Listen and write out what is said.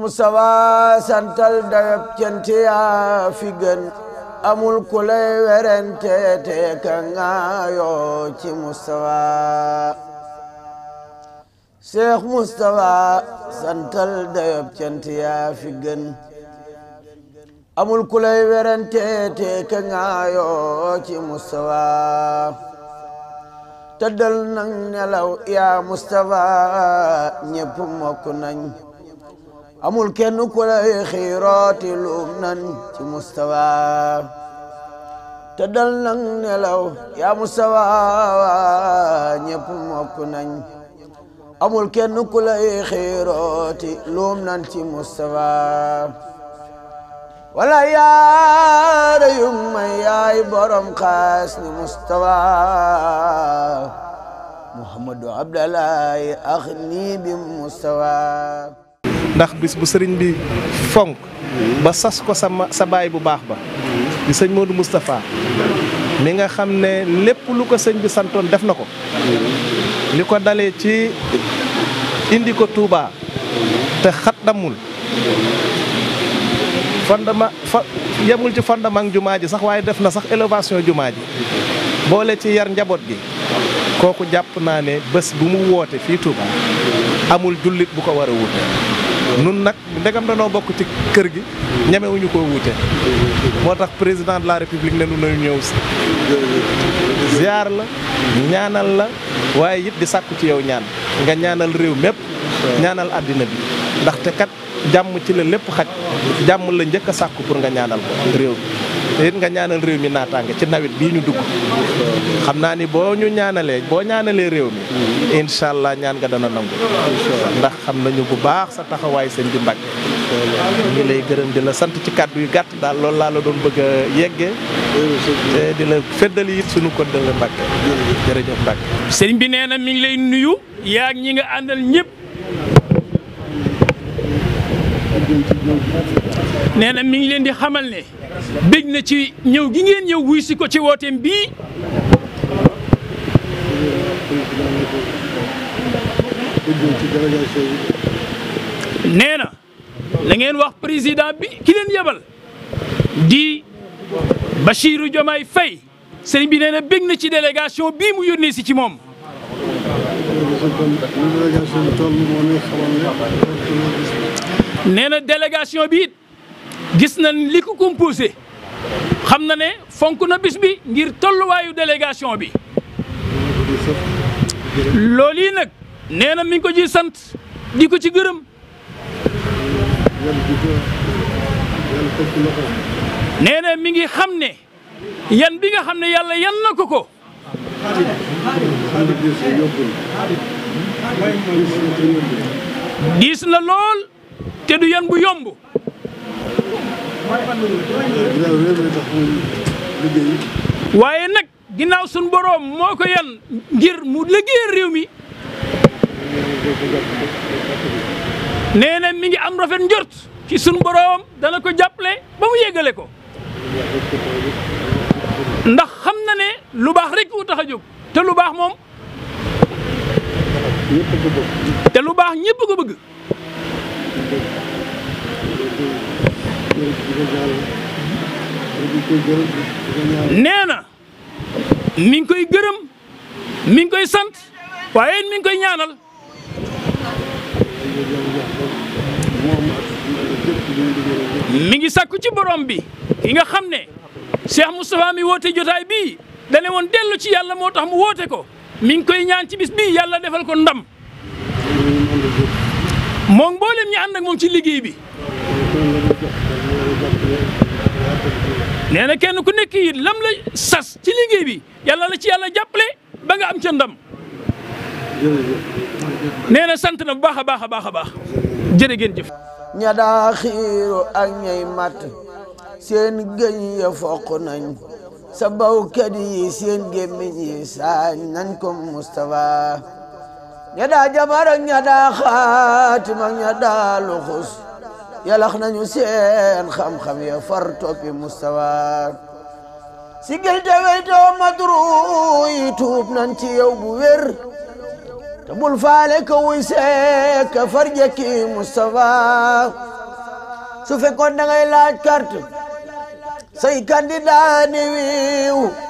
Musawa santal da cante ya fi gën amul ku lay werante te ka ngaayoo ci Musawa sheikh Mustafa santal da cante ya fi gën amul ku lay werante te ka ngaayoo ci Musawa tadal nang nelaw ya Mustafa ñépp mokk amul kenn ku lay xiiraati luum nan ci mustawa te dal nang nelaw yaa mustawa ñépp mokk nañ amul kenn ku lay xiiraati luum nan ci mustawa wala yaara yum may yaay borom xaas ni mustawa muhammadu abdalahi ax nii bi mustawa ndax bis bu serigne bi fonk ba sas ko sa sa baay bu bax ba di serigne Modou mustapha mi nga xamne ne lu ko serigne bi santone def nako liko dalé ci indi ko Touba te khatamul fandama fondement fa yemul ci fondement jumaa ji sax waye def na sax élévation bolé ci yar njabot gi koku japp naa ne bu mu woote fi Touba amul julit bu ko wara wuté nun nag ndegam danoo bokk ci kër gi ñamewuñu koo wuute moo tax président de la république ne nu nañu si ziar la ñaanal la waaye it di sàkku ci yow ñaan nga ñaanal réew mépp ñaanal àddina bi ndaxte kat jàmm ci la lépp xaj jàmm la njëkk a sàkku pour nga ñaanal ko réew bi te it nga ñaanal réew mi naataange ci nawet bii ñu dugg xam naa ni boo ñu ñaanalee boo ñaanalee réew mi incha allah ñaan nga dana nangu ndax xam nañu bu baax sa taxawaay sëñ bi Mbàkke ñu ngi lay gërëm di la sant ci kàddu yu gàtt daal loolu laa la doon bëgg a yeggee te di la feddali it suñu ko dële Mbàkke jërëjëf Mbàkke sëñ bi nee na mi ngi lay nuyu yaa ñi nga àndal ñëpp nee na mi ngi leen di xamal ne bég na ci ñëw gi ngeen ñëw wuy si ko ci wooteem bii nee na la ngeen wax président bi ki leen yebal di Bassirou Diomaye fay sëriñ bi nee na bég na ci délégation bii mu yónnee si ci moom nee na délégation gis na li ko composé xam na ne fonk na bis bi ngir tolluwaayu délégation bi lool yi nag nee na mi ngi ko ciy sant di ko ci gërëm nee na mi ngi xam ne yan bi nga xam ne yàlla yan na ko ko diis na lool te du yan bu yomb waaye nag ginnaaw sun boroom moo ko yan ngir mu liggéeyal réew mi nee mi ngi am rafet njort ci sun boroom dana ko jàppale ba mu yégale ko ndax xam na ne lu baax rek wu tax a jóg te lu baax moom te lu baax ñëpp ko bëgg nee na mi ngi koy gërëm mi ngi koy sant waaye mi ngi koy ñaanal mi ngi sakku ci borom bi ki nga xam ne Cheikh Moustapha mi woote jotaay bi dane woon dellu ci yàlla moo tax mu woote ko mi ngi koy ñaan ci bis bii yàlla defal ko ndam moom mboolem ñi ànd ak ci liggéey bi nee na kenn ku nekk it la sas ci liggéey bi ci yàlla jàppale ba am ca ndam. nee sant na bu baax a baax a baax a baax jërë ngeen jëf. ña daa xiiru ak seen gëñ ya foq nañ sa bawkat yi seen gémmiñ yi saañ nañ ko Moustapha ña daa jabar ña daa ña daa luxus yalax nañu seen xam-xam ya far toppi mustawa sigil te weytoo madru yi tuub nan ci yow bu wér te bul faale ka wuy seek ka far jekki mustawa su fekkoon da ngay laaj carte say candidat wiiw